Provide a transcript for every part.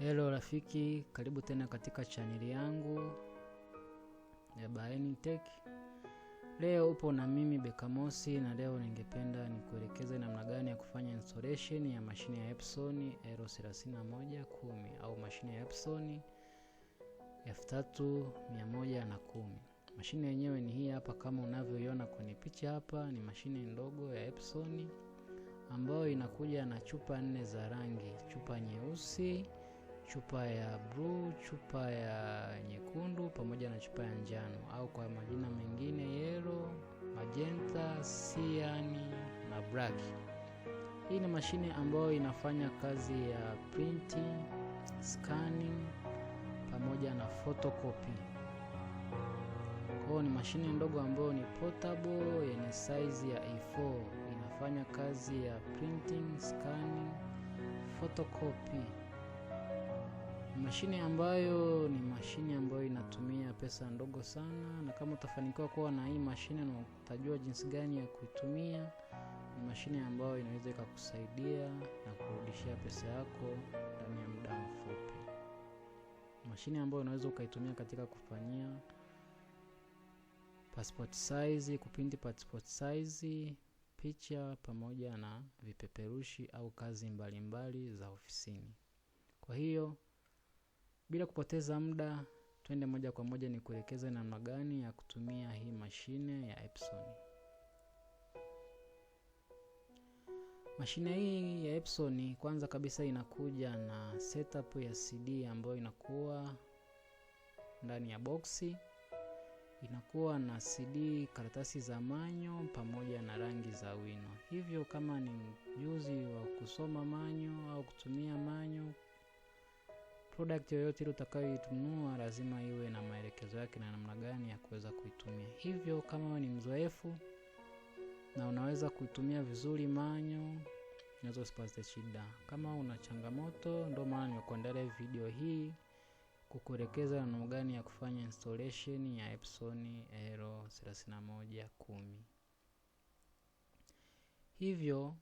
Hello rafiki, karibu tena katika chaneli yangu ya Bahaeni Tech. Leo upo na mimi Bekamosi, na leo ningependa nikuelekeze namna gani ya kufanya installation ya mashine ya Epson r 3110 au mashine ya Epson 3110. Mashine yenyewe ni hii hapa kama unavyoiona kwenye picha hapa, ni mashine ndogo ya Epson ambayo inakuja na chupa nne za rangi, chupa nyeusi chupa ya bluu, chupa ya nyekundu pamoja na chupa ya njano, au kwa majina mengine yellow, magenta, cyan na black. Hii ni mashine ambayo inafanya kazi ya printing, scanning pamoja na photocopy. Kwao ni mashine ndogo ambayo ni portable yenye size ya A4, inafanya kazi ya printing, scanning, photocopy mashine ambayo ni mashine ambayo inatumia pesa ndogo sana, na kama utafanikiwa kuwa na hii mashine na utajua jinsi gani ya kuitumia, ni mashine ambayo inaweza ikakusaidia na kurudishia pesa yako ndani ya muda mfupi. Mashine ambayo unaweza ukaitumia katika kufanyia passport size, kupindi passport size, picha pamoja na vipeperushi au kazi mbalimbali mbali za ofisini. Kwa hiyo bila kupoteza muda, twende moja kwa moja ni kuelekeza namna gani ya kutumia hii mashine ya Epson. Mashine hii ya Epson kwanza kabisa inakuja na setup ya CD ambayo inakuwa ndani ya boksi, inakuwa na CD, karatasi za manyo pamoja na rangi za wino. Hivyo kama ni mjuzi wa kusoma manyo au kutumia manyo product yoyote ile utakayoitunua lazima iwe na maelekezo yake na namna gani ya kuweza kuitumia. Hivyo kama wewe ni mzoefu na unaweza kuitumia vizuri manyo, unaweza usipate shida. Kama una changamoto, ndio maana nimekuandalia video hii kukuelekeza namna gani ya kufanya installation ya Epson L3110. Hivyo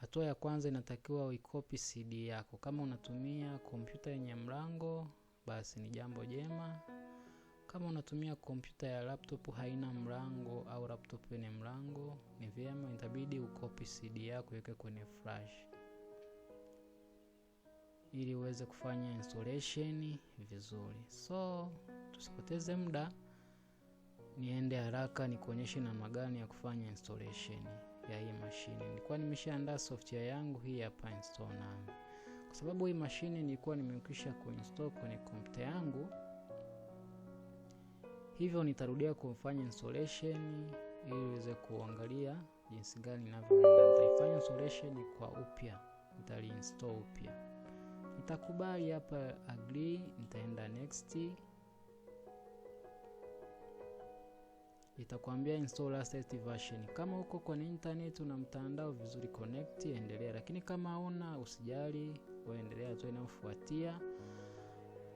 Hatua ya kwanza inatakiwa uikopi CD yako. Kama unatumia kompyuta yenye mlango, basi ni jambo jema. Kama unatumia kompyuta ya laptop haina mlango au laptop yenye mlango, ni vyema itabidi ukopi CD yako iweke kwenye flash ili uweze kufanya installation vizuri. So tusipoteze muda, niende haraka nikuonyeshe namna gani ya kufanya installation ya hii mashine. Nilikuwa nimeshaandaa software yangu hii hapa install na kwa sababu hii mashine nilikuwa nimekwisha kuinstall kwenye kompyuta yangu, hivyo nitarudia kufanya installation ili iweze kuangalia jinsi gani ninavyoenda. Nitaifanya installation kwa upya, nitaliinstall upya, nitakubali hapa agree, nitaenda next. itakwambia install latest version. Kama uko kwenye internet una mtandao vizuri, connect endelea, lakini kama una usijali, waendelea tu inayofuatia,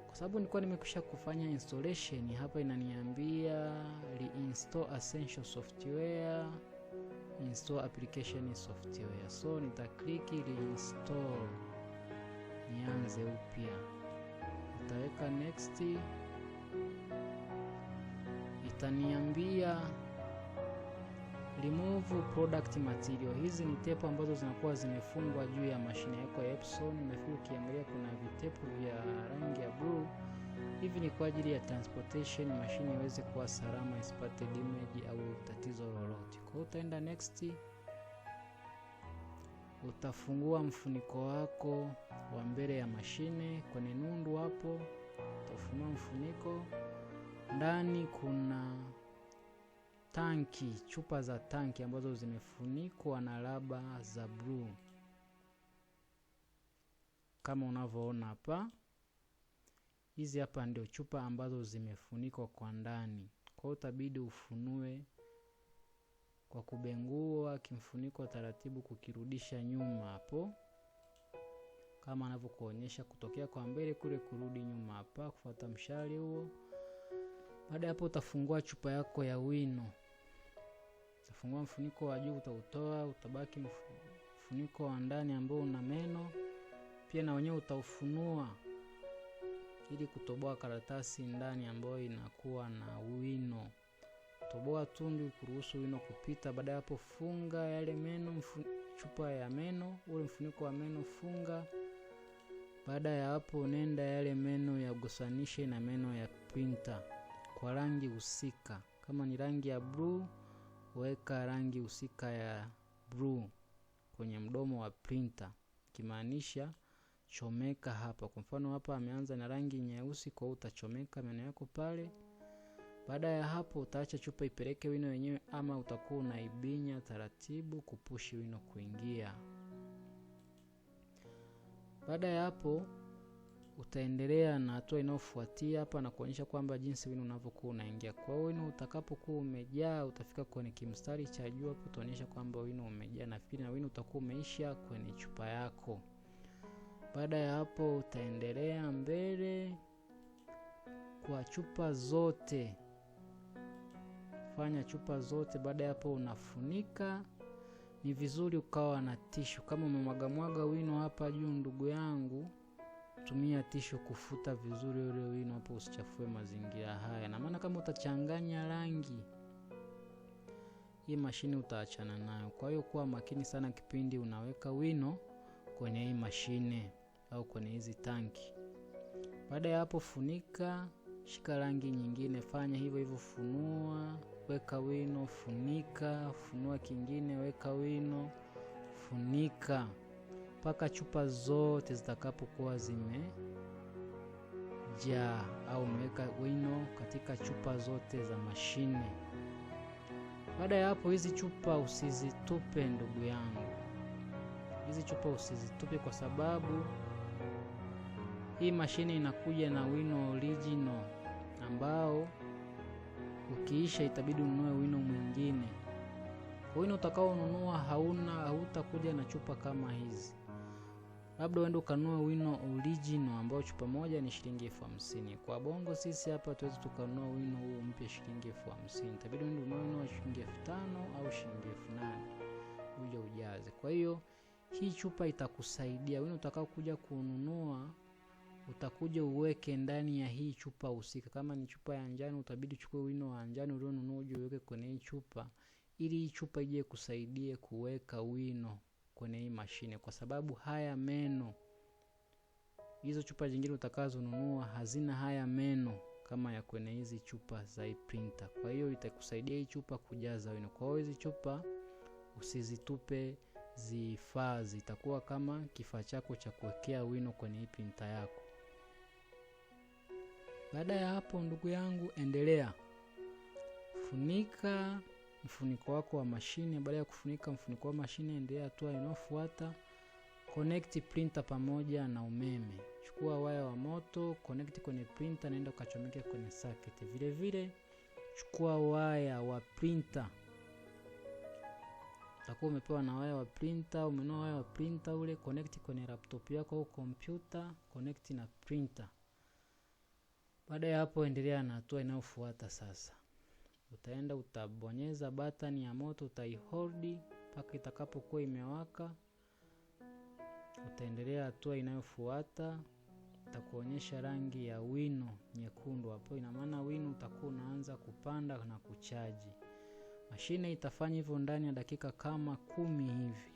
kwa sababu nilikuwa nimekwisha kufanya installation. Hapa inaniambia reinstall essential software, install application software, so nitaklik reinstall, nianze upya, nitaweka next itaniambia remove product material. Hizi ni tepu ambazo zinakuwa zimefungwa juu ya mashine yako ya Epson. Nafikiri ukiangalia kuna vitepu vya rangi ya blue, hivi ni kwa ajili ya transportation, mashine iweze kuwa salama isipate damage au tatizo lolote. Kwa hiyo utaenda next, utafungua mfuniko wako wa mbele ya mashine kwenye nundu hapo, utafunua mfuniko ndani kuna tanki, chupa za tanki ambazo zimefunikwa na raba za bluu kama unavyoona hapa. Hizi hapa ndio chupa ambazo zimefunikwa kwa ndani, kwa hiyo utabidi ufunue kwa kubengua kimfuniko taratibu, kukirudisha nyuma hapo kama anavyokuonyesha, kutokea kwa mbele kule kurudi nyuma hapa, kufuata mshale huo. Baada ya hapo, utafungua chupa yako ya wino, utafungua mfuniko wa juu utautoa, utabaki mfuniko wa ndani ambao una meno pia, na wenyewe utaufunua ili kutoboa karatasi ndani ambayo inakuwa na wino. Toboa tundu kuruhusu wino kupita. Baada ya hapo, funga yale meno mfu, chupa ya meno, ule mfuniko wa meno funga. Baada ya hapo, nenda yale meno ya gosanishe na meno ya printer kwa rangi husika. Kama ni rangi ya bluu, weka rangi husika ya bluu kwenye mdomo wa printer, kimaanisha chomeka hapa. Kwa mfano hapa ameanza na rangi nyeusi, kwa hiyo utachomeka meno yako pale. Baada ya hapo, utaacha chupa ipeleke wino wenyewe, ama utakuwa unaibinya taratibu kupushi wino kuingia. Baada ya hapo utaendelea na hatua inayofuatia hapa na kuonyesha kwamba jinsi wino unavyokuwa unaingia. Kwa hiyo wino utakapokuwa umejaa utafika kwenye kimstari cha juu hapo, utaonyesha kwamba wino umejaa, nafikiri na wino utakuwa umeisha kwenye chupa yako. Baada ya hapo, utaendelea mbele kwa chupa zote, fanya chupa zote. Baada ya hapo, unafunika ni vizuri ukawa na tishu. Kama umemwagamwaga wino hapa juu, ndugu yangu tumia tisho kufuta vizuri ule wino hapo, usichafue mazingira haya, na maana kama utachanganya rangi hii mashine utaachana nayo. Kwa hiyo kuwa makini sana kipindi unaweka wino kwenye hii mashine au kwenye hizi tanki. Baada ya hapo, funika, shika rangi nyingine, fanya hivyo hivyo, funua, weka wino, funika, funua kingine, weka wino, funika mpaka chupa zote zitakapokuwa zimejaa au umeweka wino katika chupa zote za mashine. Baada ya hapo, hizi chupa usizitupe ndugu yangu, hizi chupa usizitupe kwa sababu hii mashine inakuja na wino original ambao ukiisha itabidi ununue wino mwingine. Wino utakaonunua hauna hautakuja na chupa kama hizi labda uende ukanua wino original ambao chupa moja ni shilingi elfu hamsini. Kwa bongo sisi hapa tuwezi tukanua wino huu mpya shilingi elfu hamsini, itabidi uende ununue wino wa shilingi elfu tano au shilingi elfu nane ujaze. Kwa hiyo hii chupa itakusaidia, wino utakao kuja kununua utakuja uweke ndani ya hii chupa husika. Kama ni chupa ya njano, utabidi uchukue wino wa njano ulionunua uje uweke kwenye hii chupa, ili hii chupa ije kusaidie kuweka wino kwenye hii mashine, kwa sababu haya meno, hizo chupa zingine utakazonunua hazina haya meno kama ya kwenye hizi chupa za hii printer. Kwa hiyo itakusaidia hii chupa kujaza wino. Kwa hiyo hizi chupa usizitupe, zihifadhi, itakuwa kama kifaa chako cha kuwekea wino kwenye hii printer yako. Baada ya hapo, ndugu yangu, endelea funika mfuniko wako wa mashine. Baada ya kufunika mfuniko wa mashine, endelea hatua inayofuata, connect printer pamoja na umeme. Chukua waya wa moto connect kwenye printer, naenda ukachomeke kwenye socket. Vile vile chukua waya wa printer, utakuwa umepewa na waya wa printer, Umenua waya wa printer ule, connect kwenye laptop yako au kompyuta, connect na printer. Baada ya hapo, endelea na hatua inayofuata sasa utaenda utabonyeza batani ya moto, utaiholdi mpaka itakapokuwa imewaka. Utaendelea hatua inayofuata, itakuonyesha rangi ya wino nyekundu hapo, ina maana wino utakuwa unaanza kupanda na kuchaji. Mashine itafanya hivyo ndani ya dakika kama kumi hivi.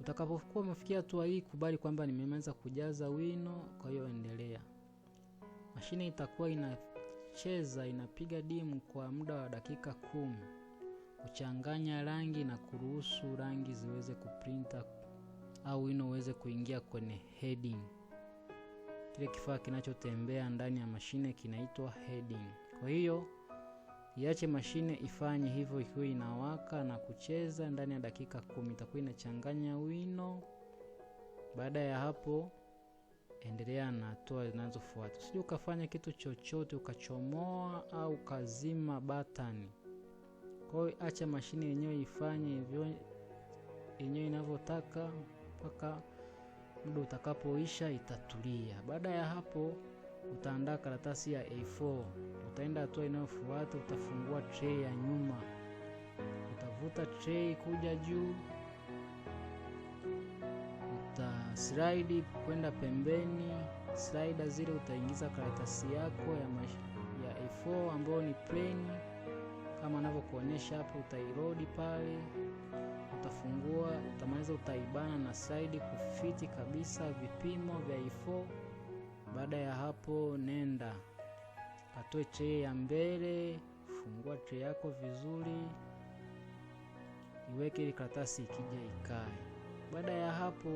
Utakapokuwa umefikia hatua hii, kubali kwamba nimemaliza kujaza wino, kwa hiyo endelea. Mashine itakuwa ina Cheza inapiga dimu kwa muda wa dakika kumi, kuchanganya rangi na kuruhusu rangi ziweze kuprinta au wino uweze kuingia kwenye heading. Kile kifaa kinachotembea ndani ya mashine kinaitwa heading. Kwa hiyo iache mashine ifanye hivyo ikiwa inawaka na kucheza ndani ya dakika kumi, itakuwa inachanganya wino. Baada ya hapo endelea na hatua zinazofuata. Usije ukafanya kitu chochote ukachomoa au ukazima batani. Kwa hiyo acha mashine yenyewe ifanye hivyo yenyewe inavyotaka mpaka muda utakapoisha, itatulia. Baada ya hapo, utaandaa karatasi ya A4. Utaenda hatua inayofuata, utafungua tray ya nyuma, utavuta tray kuja juu slide kwenda pembeni. Slider zile utaingiza karatasi yako ya, mash, ya A4 ambayo ni plain kama anavyokuonyesha hapo, utairodi pale, utafungua, utamaliza, utaibana na slide kufiti kabisa vipimo vya A4. Baada ya hapo, nenda katoe trei ya mbele, fungua trei yako vizuri, iweke ili karatasi ikija ikae. Baada ya hapo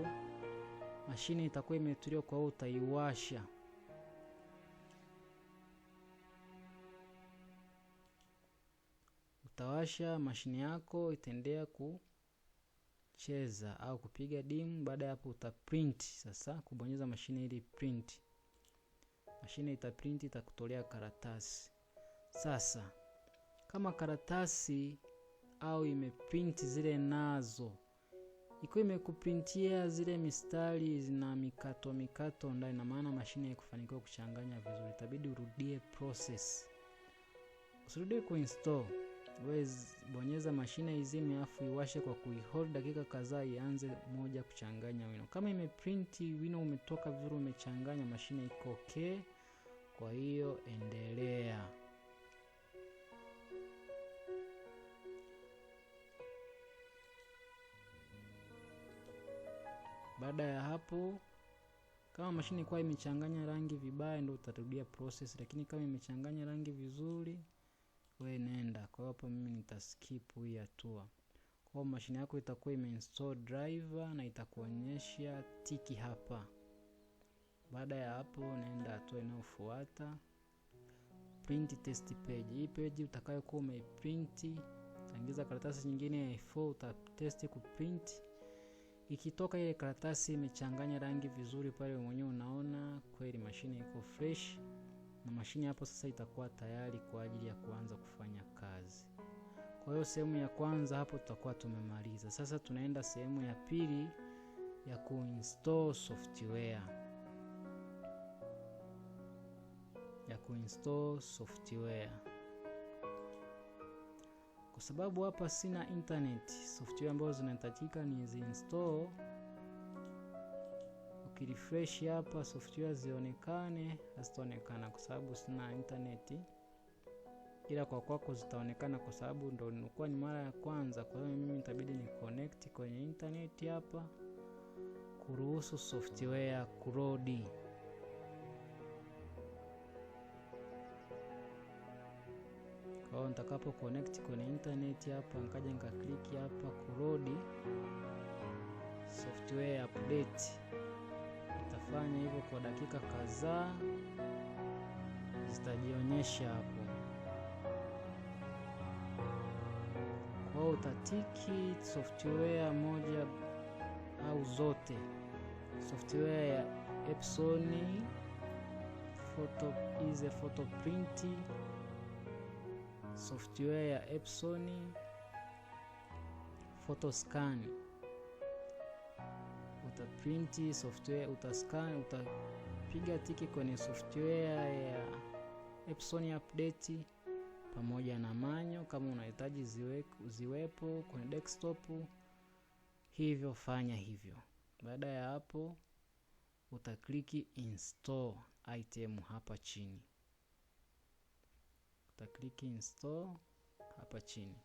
mashine itakuwa imetulia, kwa hiyo utaiwasha. Utawasha mashine yako, itaendelea kucheza au kupiga dimu. Baada ya hapo, utaprint sasa, kubonyeza mashine ili print. Mashine itaprint, itakutolea karatasi. Sasa kama karatasi au imeprint zile nazo ikiwa imekupintia zile mistari zina mikato mikato ndani, na maana mashine haikufanikiwa kuchanganya vizuri, itabidi urudie process. Usirudie kuinstall, wewe bonyeza mashine izime, afu iwashe kwa kuihold dakika kadhaa, ianze moja kuchanganya wino. Kama imeprinti wino umetoka vizuri, umechanganya, mashine iko okay, kwa hiyo endelea. Baada ya hapo, kama mashine kwa imechanganya rangi vibaya, ndio utarudia process, lakini kama imechanganya rangi vizuri, we nenda. Kwa hiyo hapo mimi nitaskip hii hatua. Kwa hiyo mashine yako itakuwa imeinstall driver na itakuonyesha tiki hapa. Baada ya hapo, naenda hatua inayofuata print test page. Hii page utakayokuwa umeiprint, utaingiza karatasi nyingine ya A4 utatesti kuprint Ikitoka ile karatasi imechanganya rangi vizuri pale, mwenyewe unaona kweli mashine iko fresh, na mashine hapo sasa itakuwa tayari kwa ajili ya kuanza kufanya kazi. Kwa hiyo sehemu ya kwanza hapo tutakuwa tumemaliza. Sasa tunaenda sehemu ya pili ya kuinstall software, ya kuinstall software sababu hapa sina internet, software ambazo zinahitajika ni zi install. Ukirefresh hapa software zionekane, hazitaonekana kwa sababu sina internet, ila kwa kwako zitaonekana kwa sababu ndo nilikuwa ni mara ya kwanza. Kwa hiyo mimi nitabidi ni connect kwenye internet hapa kuruhusu software kurodi. Kwa nitakapo connect kwenye internet hapa, nikaja nika click hapa kurodi software update, nitafanya hivyo kwa dakika kadhaa, zitajionyesha hapo. Kwa utatiki software moja au zote, software ya Epson photo, ize photo print software ya Epson photoscan, Utaprint software, utascan, utapiga tiki kwenye software ya Epson update pamoja na manyo kama unahitaji ziwepo kwenye desktop, hivyo fanya hivyo. Baada ya hapo utakliki install item hapa chini utakliki install hapa chini.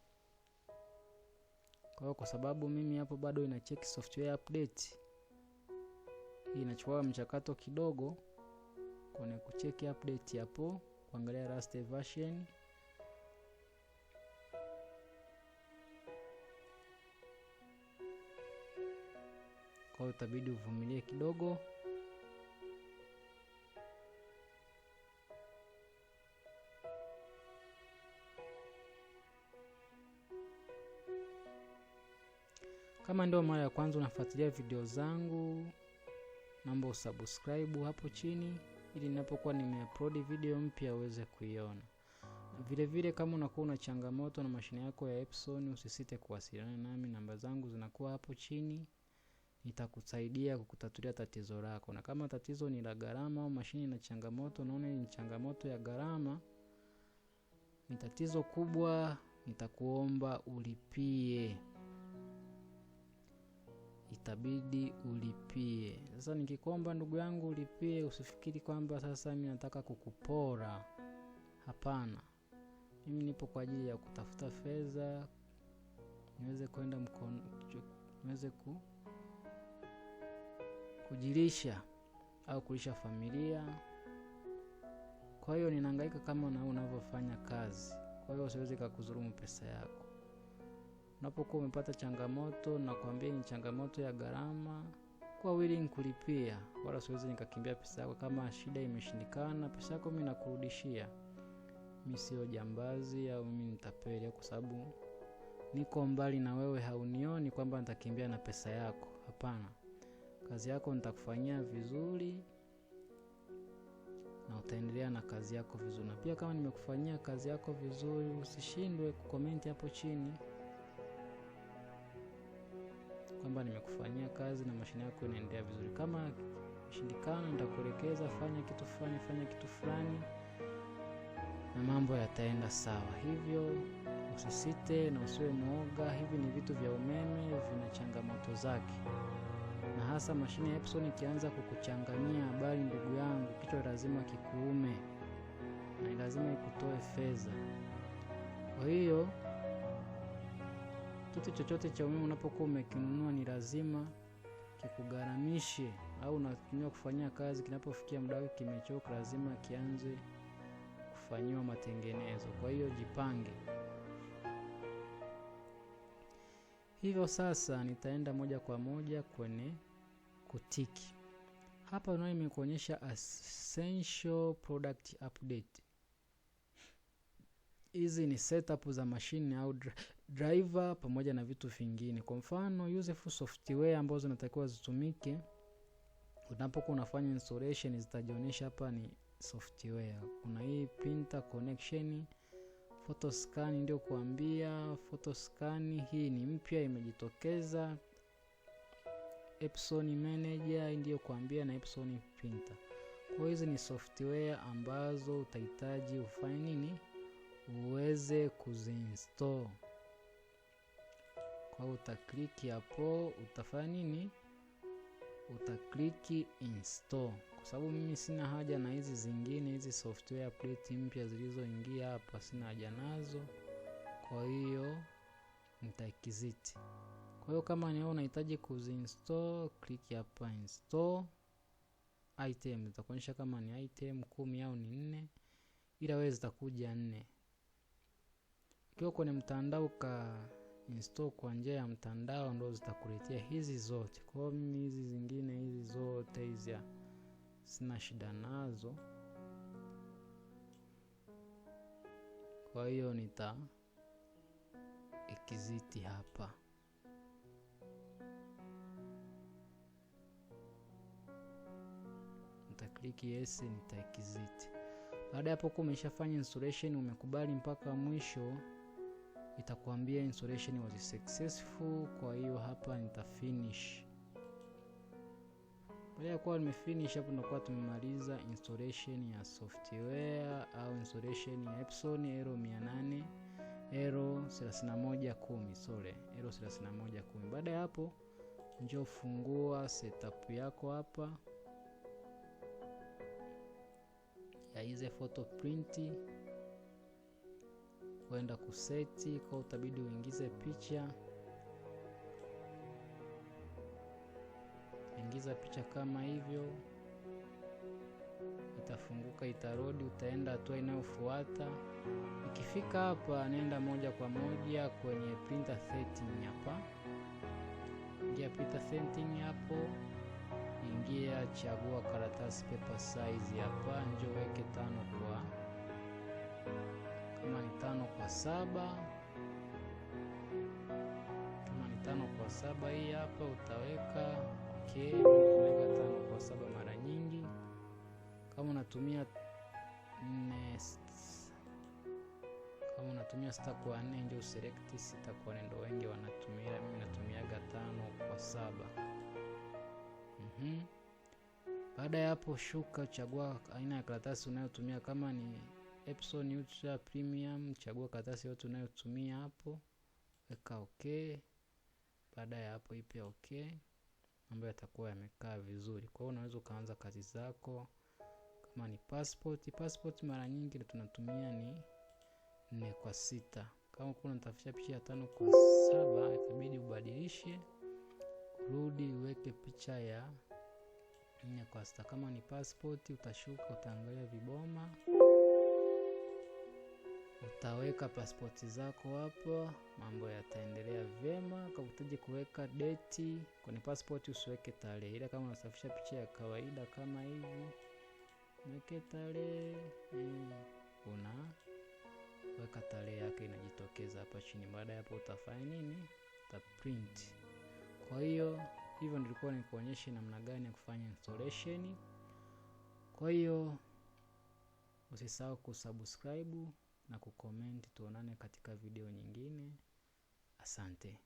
Kwa kwa sababu mimi hapo bado ina check software update, hii inachukua mchakato kidogo kwenye kucheki update hapo, kuangalia last version kwa hiyo itabidi uvumilie kidogo. Kama ndio mara ya kwanza unafuatilia video zangu, naomba usubscribe hapo chini ili ninapokuwa nimeupload video mpya uweze kuiona. Vile vile kama unakuwa una changamoto na mashine yako ya Epson, usisite kuwasiliana nami, namba zangu zinakuwa hapo chini. Nitakusaidia kukutatulia tatizo lako, na kama tatizo ni la gharama au mashine ina changamoto, naona ni changamoto ya gharama, ni tatizo kubwa, nitakuomba ulipie itabidi ulipie. Sasa nikikomba ndugu yangu ulipie, usifikiri kwamba sasa mimi nataka kukupora. Hapana, mimi nipo kwa ajili ya kutafuta fedha niweze kwenda mkono, niweze ku kujilisha au kulisha familia. Kwa hiyo ninahangaika kama na unavyofanya kazi, kwa hiyo siwezi kukudhulumu pesa yako unapokuwa umepata changamoto, nakwambia ni changamoto ya gharama, kwa willing kulipia, wala siwezi nikakimbia pesa yako. Kama shida imeshindikana, pesa yako mimi nakurudishia. Mimi sio jambazi au mimi nitapeli, kwa sababu niko mbali na wewe, haunioni kwamba nitakimbia na pesa yako. Hapana, kazi yako nitakufanyia vizuri na utaendelea na kazi yako vizuri. Na pia kama nimekufanyia kazi yako vizuri, usishindwe kukomenti hapo chini kwamba nimekufanyia kazi na mashine yako inaendea vizuri. Kama shindikana, nitakuelekeza fanya kitu fulani, fanya kitu fulani, na mambo yataenda sawa. Hivyo usisite na usiwe mwoga. Hivi ni vitu vya umeme, vina changamoto zake, na hasa mashine ya Epson ikianza kukuchanganyia habari, ndugu yangu, kichwa lazima kikuume na lazima ikutoe fedha. Kwa hiyo kitu chochote cha umeme unapokuwa umekinunua ni lazima kikugharamishe au unatumia kufanyia kazi, kinapofikia muda wake kimechoka, lazima kianze kufanyiwa matengenezo. Kwa hiyo jipange. Hivyo sasa nitaenda moja kwa moja kwenye kutiki. Hapa unao imekuonyesha essential product update. Hizi ni setup za mashine au driver pamoja na vitu vingine. Kwa mfano full software ambazo zinatakiwa zitumike unapokuwa unafanya installation zitajionyesha hapa ni software. Kuna hii printer connection, photo scan, ndio kuambia photo scan hii ni mpya imejitokeza. Epson manager ndio kuambia na Epson printer. Kwa hizi ni software ambazo utahitaji ufanye nini uweze kuzinstall kwa utakliki hapo, utafanya nini? Utakliki install, kwa sababu mimi sina haja na hizi zingine, hizi software update mpya zilizoingia hapa, sina haja nazo, kwa hiyo nitakiziti. Kwa hiyo kama ni unahitaji kuzinstall, click hapa install item, zitakuonyesha kama ni item kumi au ni nne, ila wewe zitakuja nne. Ukiwa kwenye mtandao ka kuinstall kwa njia ya mtandao ndo zitakuletea hizi zote. Kwa hiyo mimi hizi zingine hizi zote hizi sina shida nazo, kwa hiyo nita ekiziti hapa. Nitakliki yes, nita ekiziti Baada ya hapo, umeshafanya installation, umekubali mpaka mwisho itakuambia installation was successful. Kwa hiyo hapa nita finish. Baada ya kuwa nimefinish hapo, tunakuwa tumemaliza installation ya software au installation ya Epson Aero 800 Aero 3110, sorry, Aero 3110. Baada ya hapo, njoo fungua setup yako hapa ya hize photo printi ukaenda kuseti kwa utabidi uingize picha ingiza picha kama hivyo, itafunguka itarodi. Utaenda hatua inayofuata. Ikifika hapa, nenda moja kwa moja kwenye printer setting. Hapa ingia printer setting, hapo ingia, chagua karatasi paper size. Hapa njo weke tano kwa kama ni tano kwa saba, kama ni tano kwa saba hii hapa utaweka okay, tano kwa saba mara nyingi. Kama unatumia nne, kama unatumia sita kwa nne ndio uselect sita kwa nne, ndio wengi wanatumia. Mimi natumiaga tano kwa saba. mm -hmm. Baada ya hapo, shuka, chagua aina ya karatasi unayotumia kama ni Epson Ultra Premium, chagua karatasi yote unayotumia hapo, weka okay. Baada ya hapo ipe okay, mambo yatakuwa yamekaa vizuri. Kwa hiyo unaweza ukaanza kazi zako. Kama ni passport, passport mara nyingi tunatumia ni nne kwa sita. Kama kuna unatafuta picha ya tano kwa saba, itabidi ubadilishe, rudi uweke picha ya nne kwa sita. Kama ni passport, utashuka utaangalia viboma weka pasipoti zako hapo, mambo yataendelea vyema. Kakutaje kuweka deti kwenye pasipoti, usiweke tarehe, ila kama unasafisha picha ya kawaida kama hivi, weke tarehe hmm. Eh, una weka tarehe yake inajitokeza hapa chini. Baada ya hapo utafanya nini? Uta print. Kwa hiyo hivyo nilikuwa nikuonyeshe namna gani ya kufanya installation. Kwa hiyo usisahau kusubscribe na kukomenti. Tuonane katika video nyingine. Asante.